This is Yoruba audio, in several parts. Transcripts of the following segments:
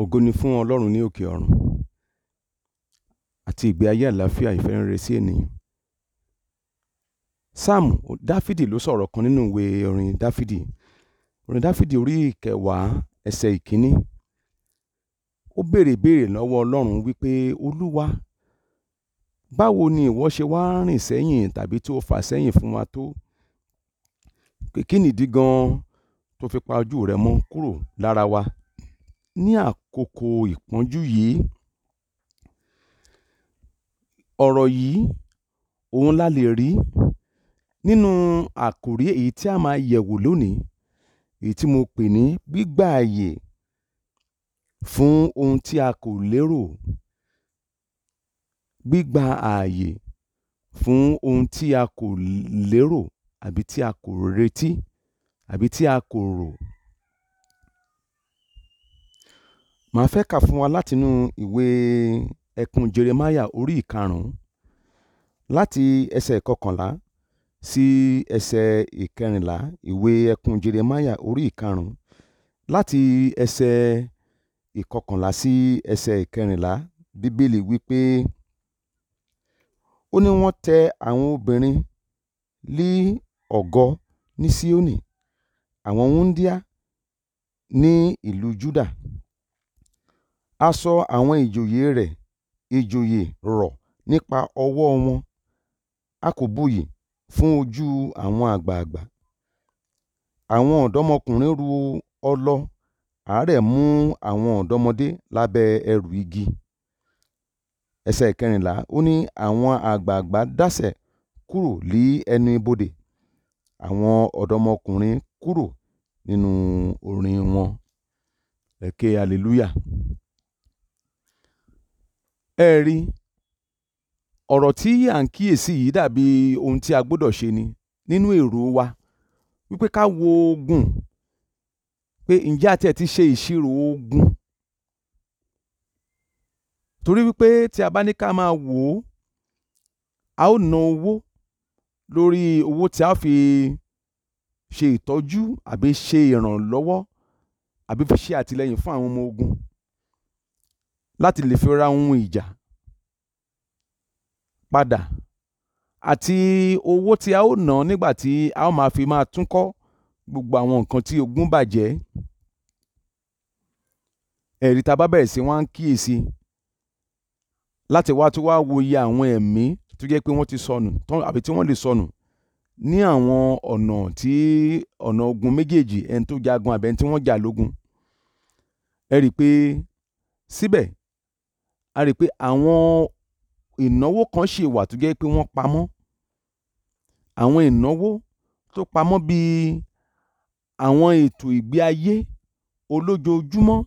Ògo ni fún Ọlọ́run ní òkè ọ̀run àti ìgbé ayé àlàáfíà ìfẹ́rẹ̀rẹ̀ sí ènìyàn. Sáàmù Dáfídì ló sọ̀rọ̀ kan nínú ìwé orin Dáfídì. Orin Dáfídì orí ìkẹwàá ẹsẹ̀ ìkíní. Ó béèrè ìbéèrè lọ́wọ́ Ọlọ́run wípé Olúwa báwo ni ìwọ ṣe wá rìn sẹ́yìn tàbí tó fà sẹ́yìn fún wa tó? kí nìdí gan-an tó fi pa ojú rẹ mọ́ kúrò lára wa ní àkókò ìpọ́njú yìí ọ̀rọ̀ yìí òun la lè rí nínú àkòrí èyí tí a máa yẹ̀wò lónìí èyí tí mo pè ní gbígba àyè fún ohun tí a kò lérò gbígba ààyè fún ohun tí a kò lérò àbí tí a kò retí àbí tí a kò rò Màá fẹ́ kà fún wa látinú ìwé ẹkún Jeremáyà orí ìkarùn-ún láti ẹsẹ̀ ìkọkànlá sí ẹsẹ̀ ìkẹrìnlá ìwé ẹkún Jeremáyà orí ìkarùn-ún láti ẹsẹ̀ ìkọkànlá sí ẹsẹ̀ ìkẹrìnlá Bíbélì wí pé: "Ó ní wọ́n tẹ àwọn obìnrin lí ọ̀gọ ní Sioni, àwọn wúńdíá ní ìlú Juda a sọ àwọn ìjòyè rẹ̀ ìjòyè rọ̀ nípa ọ̀wọ̀ wọn a kò buyì fún ojú àwọn àgbààgbà àwọn ọ̀dọ́mọkùnrin ru ọlọ àárẹ̀ mú àwọn ọ̀dọ́mọdé lábẹ́ ẹrù igi ẹsẹ̀ kẹrìnlá ó ní àwọn àgbààgbà dasẹ̀ kúrò lí ẹnu ibodè àwọn ọ̀dọ́mọkùnrin kúrò nínú orin wọn ẹ̀kẹ́ hallelujah Ẹ ẹ̀ rí i, ọ̀rọ̀ tí à ń kíyèsí yìí dàbí ohun tí a gbọ́dọ̀ ṣe ni nínú èrò wa wípé ká wo oògùn pé ǹjẹ́ a tiẹ̀ ti ṣe ìṣirò oògùn torí wípé tí a bá ní ká máa wò ó a ó na owó lórí owó tí a fi ṣe ìtọ́jú àbí ṣe ìrànlọ́wọ́ àbí fi ṣe àtìlẹ́yìn fún àwọn ọmọ ogun láti lè fi ra ohun ìjà padà àti owó tí a ó ná nígbà tí a ó máa fi máa tún kọ́ gbogbo àwọn nǹkan tí ogún bàjẹ́ ẹ̀rí tá a bá bẹ̀rẹ̀ sí wá ń kíyèsí láti wá tún wá wo iye àwọn ẹ̀mí tó jẹ́ pé wọ́n ti sọnù àbí tí wọ́n lè sọnù ní àwọn ọ̀nà tí ọ̀nà ogun méjèèjì ẹni tó jagun àbẹ́ni tí wọ́n jà lógun ẹ pé síbẹ̀ a rí i pé àwọn ìnáwó kan ṣì wà tó jẹ́ pé wọ́n pamọ́ àwọn ìnáwó tó pamọ́ bíi àwọn ètò ìgbé ayé olójoojúmọ́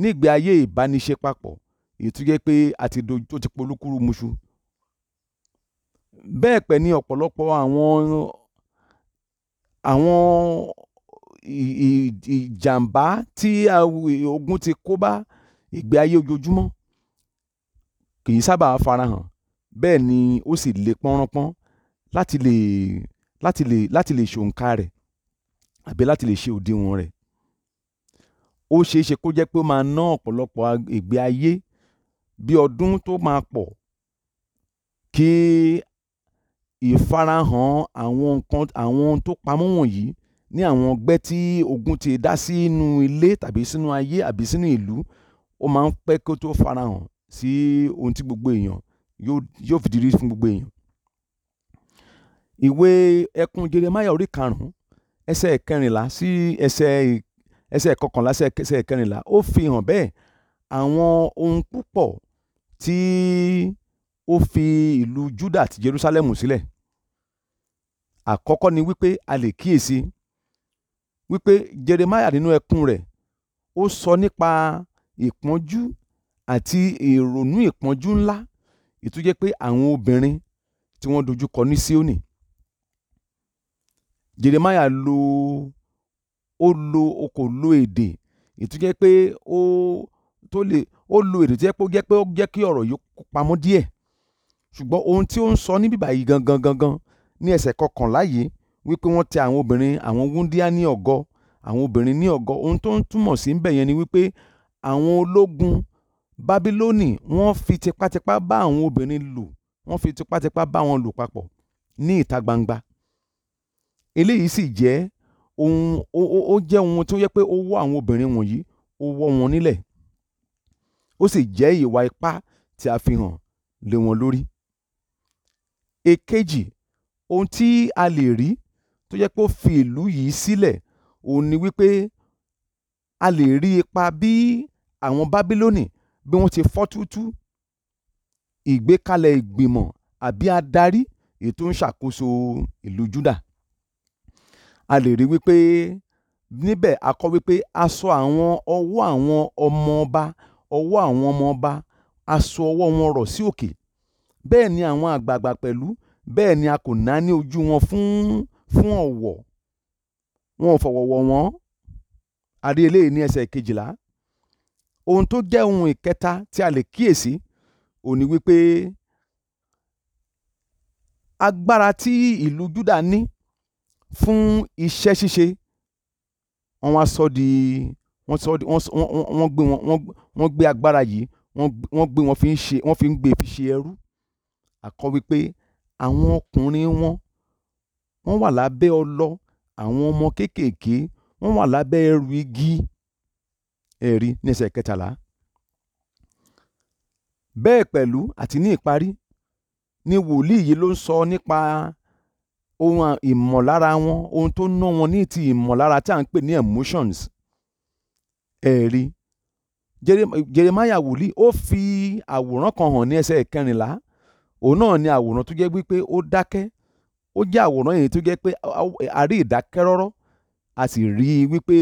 ní ìgbé ayé ìbániṣe papọ̀ èyí tó jẹ́ pé a ti do tó ti polúkúrúmuṣu bẹ́ẹ̀ pẹ̀ ni ọ̀pọ̀lọpọ̀ àwọn àwọn ìjàmbá tí ogun ti kó bá ìgbé ayé ojoojúmọ́ kì í sábà farahàn bẹ́ẹ̀ ni ó sì le pọ́nrọ́pọ́n láti lè láti lè láti lè ṣòǹkà rẹ̀ àbí láti lè ṣe òdiwọ̀n rẹ̀ ó ṣeé ṣe kó jẹ́ pé ó máa ná ọ̀pọ̀lọpọ̀ ìgbé ayé bí ọdún tó máa pọ̀ kí ìfarahàn àwọn nǹkan àwọn ohun tó pamọ́ wọ̀nyí ní àwọn ọgbẹ́ tí ogun ti dá sínú ilé tàbí sínú ayé àbí sínú ìlú ó máa ń pẹ́ kó tó farahàn sí ohun tí gbogbo èèyàn yóò yóò fìdí rí fún gbogbo èèyàn. ìwé ẹkún Jeremáyà orí karùn-ún ẹsẹ̀ kẹrìnlá sí ẹsẹ̀ ẹsẹ̀ kọkànlá sí ẹsẹ̀ kẹrìnlá ó fi hàn bẹ́ẹ̀ àwọn ohun púpọ̀ tí ó fi ìlú Júdà àti Jerúsálẹ́mù sílẹ̀ àkọ́kọ́ ni wípé a lè kíyèsí wípé Jeremáyà nínú ẹkún rẹ̀ ó sọ nípa ìpọ́njú àti ìrònú ìpọ́njú ńlá èyí tó jẹ́ pé àwọn obìnrin tí wọ́n dojú kọ ní Síónì Jeremiah lo ó lo o kò lo èdè èyí tó jẹ́ pé ó tó lè ó lo èdè tó jẹ́ pé ó jẹ́ pé ó jẹ́ kí ọ̀rọ̀ yìí pamọ́ díẹ̀ ṣùgbọ́n ohun tí ó ń sọ níbí báyìí gangan gangan ní ẹsẹ̀ kọkànlá yìí wípé wọ́n tẹ àwọn obìnrin àwọn wúndíá ní ọ̀gọ àwọn obìnrin ní ọ̀gọ ohun tó ń túmọ̀ sí ń bẹ̀ yẹn ni wípé àwọn ológun bábílónì wọ́n fi tipátipá bá àwọn obìnrin lò wọ́n fi tipátipá bá wọn lò papọ̀ ní ìta gbangba eléyìí sì jẹ́ ohun ó jẹ́ ohun tó yẹ pé ó wọ́ àwọn obìnrin wọ̀nyí ó wọ́ wọn nílẹ̀ ó sì jẹ́ ìwà ipá tí a fi hàn lé wọn lórí èkejì ohun tí a lè rí tó yẹ pé ó fi ìlú yìí sílẹ̀ òun ni wípé a lè rí ipa bí àwọn bábílónì bí wọ́n ti fọ́ tútú ìgbékalẹ̀ ìgbìmọ̀ àbí adarí èyí tó ń ṣàkóso ìlú Júdà a lè rí wípé níbẹ̀ a kọ́ wípé a sọ àwọn ọwọ́ àwọn ọmọ ọwọ́ àwọn ọmọ a sọ ọwọ́ wọn rọ̀ sí òkè bẹ́ẹ̀ ni àwọn àgbààgbà pẹ̀lú bẹ́ẹ̀ ni a kò náání ojú wọn fún fún ọ̀wọ̀ wọn ò fọ̀wọ̀ wọ̀ a rí eléyìí ní ẹsẹ̀ kejìlá ohun tó jẹ́ ohun ìkẹta tí a lè kíyèsí òun ni wípé agbára tí ìlú Júdà ní fún iṣẹ́ ṣíṣe wọ́n wá sọ di wọ́n sọ di wọ́n gbé wọn wọ́n gbé agbára yìí wọ́n gbé wọn fi ń ṣe wọ́n fi ń gbé e fi ṣe ẹrú àkọ́ wípé àwọn ọkùnrin wọn wọ́n wà lábẹ́ ọlọ àwọn ọmọ kéékèèké wọ́n wà lábẹ́ ẹrù igi ẹ̀rí ní ẹsẹ̀ kẹtàlá bẹ́ẹ̀ pẹ̀lú àti ní ìparí ni wòlíì yìí ló ń sọ nípa ohun ìmọ̀lára wọn ohun tó ná wọn ní ti ìmọ̀lára tí à ń pè ní emotions ẹ̀rí Jeremiah wòlíì ó fi àwòrán kan hàn ní ẹsẹ̀ kẹrìnlá òun náà ni àwòrán tó jẹ́ wípé ó dákẹ́ ó jẹ́ àwòrán yìí tó jẹ́ pé a rí ìdákẹ́rọ́rọ́ a sì rí i wípé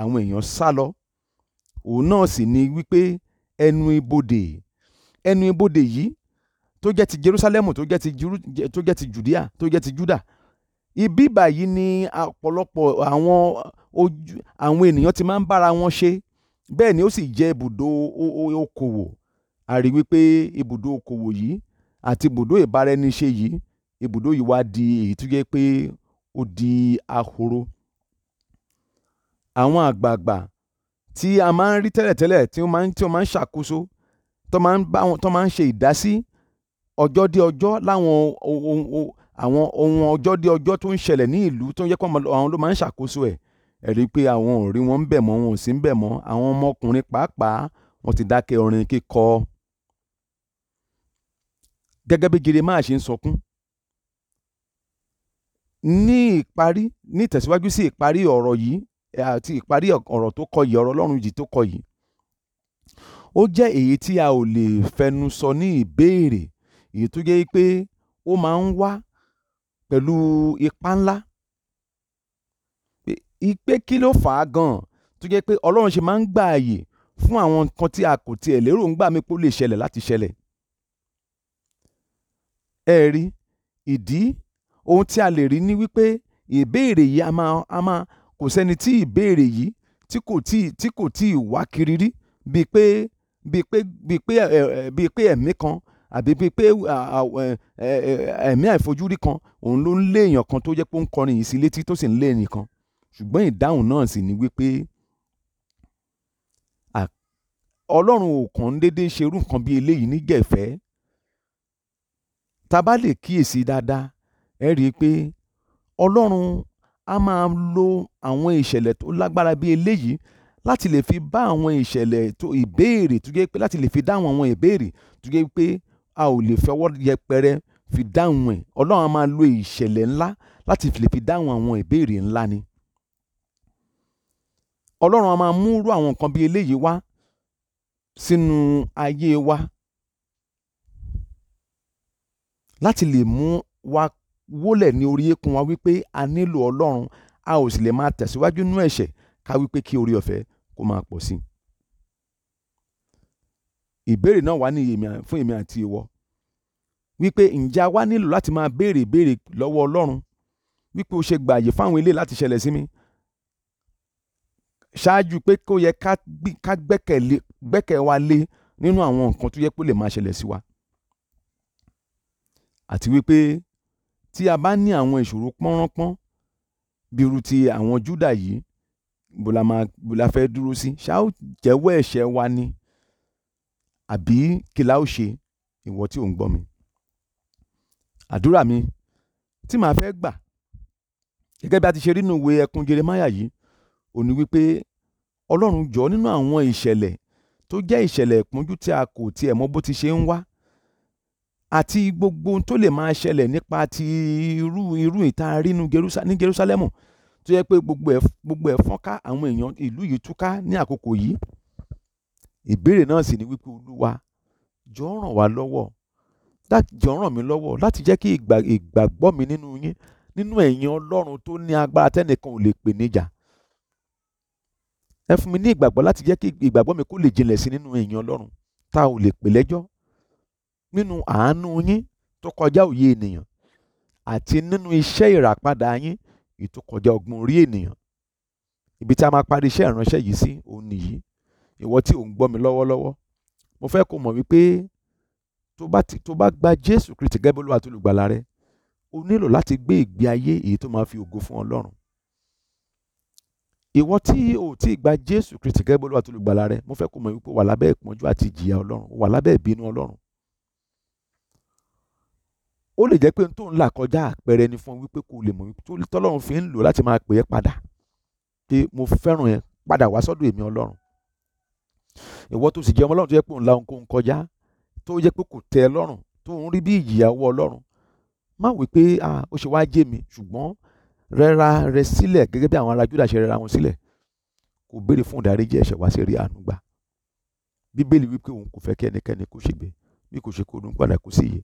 àwọn èèyàn sá lọ òun náà sì ni wípé ẹnu ibodè ẹnu ibodè yìí tó jẹ́ ti Jerusalem tó jẹ́ ti Judea tó jẹ́ ti Juda ibi báyìí ni ọ̀pọ̀lọpọ̀ àwọn ojú àwọn ènìyàn ti máa ń bára wọn ṣe bẹ́ẹ̀ ni ó sì jẹ́ ibùdó okòwò a rí wípé ibùdó okòwò yìí àti ibùdó ìbáraẹniṣe yìí ibùdó yìí wá di èyí tó jẹ́ pé ó di ahoro àwọn àgbààgbà tí a máa ń rí tẹ́lẹ̀tẹ́lẹ̀ tí ó máa ń tí ó máa ń ṣàkóso tó máa ń bá wọn tó máa ń ṣe ìdásí ọjọ́ dé ọjọ́ láwọn ohun àwọn ohun ọjọ́ dé ọjọ́ tó ń ṣẹlẹ̀ ní ìlú tó ń yẹ kó àwọn ló máa ń ṣàkóso ẹ̀ ẹ̀ rí i pé àwọn ò wọn ń bẹ̀ mọ́ wọn ò sí ń bẹ̀ mọ́ àwọn ọmọkùnrin pàápàá wọn ti dákẹ́ orin kíkọ gẹ́gẹ́ bí Jeremáà ṣe ń sọkún ní ìparí ní ìtẹ̀síwájú sí ìparí ọ̀rọ̀ yìí àti ìparí ọ̀rọ̀ tó kọ yìí ọ̀rọ̀ ọlọ́run yìí tó kọ yìí ó jẹ́ èyí tí a ò lè fẹnu sọ ní ìbéèrè èyí tó jẹ́ pé ó máa ń wá pẹ̀lú ipá ńlá pé kí ló fà á gan-an tó jẹ́ pé ọlọ́run ṣe máa ń gbà àyè fún àwọn nǹkan tí a kò tiẹ̀ lérò ń gbà mí pé ó lè ṣẹlẹ̀ láti ṣẹlẹ̀ ẹ rí ìdí ohun tí a lè rí ni wípé ìbéèrè yìí a máa a máa kò sẹ́ni tí ìbéèrè yìí tí kò tí tí kò tí ì wá kiri rí bíi pé bíi pé bíi pé bíi pé ẹ̀mí kan àbí bíi pé ẹ̀mí àìfojúrí kan òun ló ń lé èèyàn kan tó jẹ́ pé ó ń kọrin yìí sí létí tó sì ń lé ẹnìkan ṣùgbọ́n ìdáhùn náà sì ni wípé ọlọ́run ò kàn ń déédéé ṣerú nǹkan bíi eléyìí nígẹ̀fẹ́ tá a bá lè kíyèsí dáadáa ẹ rí i pé ọlọ́run a máa lo àwọn ìṣẹ̀lẹ̀ tó lágbára bí eléyìí láti lè fi bá àwọn ìṣẹ̀lẹ̀ tó ìbéèrè tó jẹ́ pé láti lè fi dáhùn àwọn ìbéèrè tó jẹ́ pé a ò lè fọwọ́ yẹpẹrẹ fi dáhùn ẹ̀ ọlọ́run a máa lo ìṣẹ̀lẹ̀ ńlá láti lè fi dáhùn àwọn ìbéèrè ńlá ni. ọlọ́run a máa mú àwọn nǹkan bí eléyìí wá sínú ayé wa láti lè mú wa wólẹ̀ ní orí eékún wa wípé a nílò ọlọ́run a ò sì lè máa tẹ̀síwájú nínú ẹ̀ṣẹ̀ ká wípé kí orí ọ̀fẹ́ kó máa pọ̀ sí i. ìbéèrè náà wà ní fún èmi àti ìwọ wípé ǹjẹ́ a wá nílò láti máa béèrè ìbéèrè lọ́wọ́ ọlọ́run wípé o ṣe gbààyè fáwọn ilé láti ṣẹlẹ̀ sí mi ṣáájú pé kó yẹ ká gbẹ́kẹ̀ wa lé nínú àwọn nǹkan tó yẹ kó lè máa ṣẹlẹ̀ sí wa àti wípé tí a bá ní àwọn ìṣòro pọ́nránpọ́n bí irú ti àwọn júdà yìí bó la máa bó la fẹ́ dúró sí ṣá ó jẹ́wọ́ ẹ̀ṣẹ̀ wa ni àbí kí la ó ṣe ìwọ tí ò ń gbọ́ mi àdúrà mi tí màá fẹ́ gbà gẹ́gẹ́ bí a ti ṣe rí ìwé ẹkùn Jeremáyà yìí ó wípé Ọlọ́run jọ nínú àwọn ìṣẹ̀lẹ̀ tó jẹ́ ìṣẹ̀lẹ̀ ìpọ́njú tí a kò tiẹ̀ mọ bó ti ṣe ń wá àti gbogbo ohun tó lè máa ṣẹlẹ̀ nípa ti irú irú ìta rí ní Jerúsálẹ́mù tó yẹ pé gbogbo ẹ̀ gbogbo ẹ̀ fọ́nká àwọn èèyàn ìlú yìí túká ní àkókò yìí ìbéèrè náà sì ni wípé olúwa jọ ràn wá lọ́wọ́ jọ ràn mí lọ́wọ́ láti jẹ́ kí ìgbàgbọ́ mi nínú yín nínú ẹ̀yin ọlọ́run tó ní agbára tẹ́nìkan ò lè pè níjà ẹ fún mi ní ìgbàgbọ́ láti jẹ́ kí ìgbàgbọ́ mi kó lè jinlẹ̀ sí nínú ẹ̀yin ọlọ́run tá a ò lè pè lẹ́jọ́ nínú àánú yín tó kọjá òye ènìyàn àti nínú iṣẹ́ ìràpadà yín ètò kọjá ọgbọ́n orí ènìyàn ibi tí a máa parí iṣẹ́ ìránṣẹ́ yìí sí òun nìyí ìwọ tí ò ń gbọ́ mi lọ́wọ́lọ́wọ́ mo fẹ́ kó mọ̀ wípé tó bá gba Jésù Kristi gẹ́gẹ́ bí Olúwa tó lùgbàlà rẹ o nílò láti gbé ìgbé ayé èyí tó máa fi ògo fún Ọlọ́run ìwọ tí o ti gba Jésù Kristi gẹ́gẹ́ bí Olúwa tó lùgbàlà rẹ mo fẹ́ kó mọ̀ wípé wà lábẹ́ ìpọ́njú àti ìjìyà Ọlọ́run wà lábẹ́ ìbínú Ọlọ́run ó lè jẹ́ pé n tó ń là kọjá àpẹẹrẹ ni fún wípé kò lè mọ̀ wípé tọ́lọ́run fi ń lò láti máa pè é padà pé mo fẹ́ràn ẹ padà wá sọ́dọ̀ èmi ọlọ́run ìwọ tó sì jẹ́ ọmọ ọlọ́run tó yẹ pé òun la ohunkóhun kọjá tó yẹ pé kò tẹ́ ẹ lọ́rùn tó ń rí bí ìjìyàwó ọlọ́run má wí pé ó ṣe wá jẹ́ mi ṣùgbọ́n rẹra rẹ sílẹ̀ gẹ́gẹ́ bí àwọn ará Júdà rẹra wọn sílẹ̀ kò béèrè fún ìdáríjì ẹ̀ṣẹ̀ wá sí rí àánú gbà bíbélì wípé òun kò fẹ́ kí ẹnikẹ́ni ṣègbè bí kò ṣe kó dún padà kó sí iye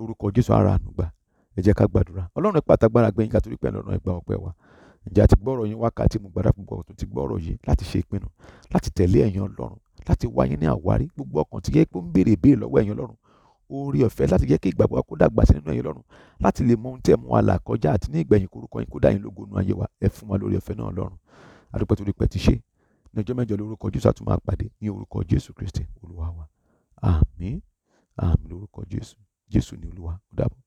lórúkọ jésù ara ànúgbà ẹ jẹ́ ká gbàdúrà ọlọ́run pàtàgbára gbẹ̀yìn ká torí pé ọ̀nà ìgbà ọpẹ́ wa ǹjẹ́ àti gbọ́rọ̀ yín wákàtí mo gbàdá gbogbo ọ̀tún ti gbọ́rọ̀ yìí láti ṣe ìpinnu láti tẹ̀lé ẹ̀yin ọlọ́run láti wá yín ní àwárí gbogbo ọkàn tí yẹ pé ó ń béèrè ìbéèrè lọ́wọ́ ẹ̀yin ọlọ́run oore ọ̀fẹ́ láti jẹ́ kí ìgbàgbọ́ wa kó dàgbà sí nínú ẹ̀yin ọlọ́run láti lè mọ ohun tẹ́ mú wa là kọjá àti ní ìgbẹ̀yìn korúkọ yín kó dá yín lógo nú ayé wa ẹ fún wa lórí ọ̀fẹ́ náà ọlọ́run adúpẹ́ torí pẹ́ ti ṣe ní ọjọ́ mẹ́jọ lórúkọ jésù àtúmọ̀ àpàdé ní orúkọ jésù kristi olúwa wa àmín àmín lórúkọ jésù Jésù ni Olúwa. Ó dàbọ̀.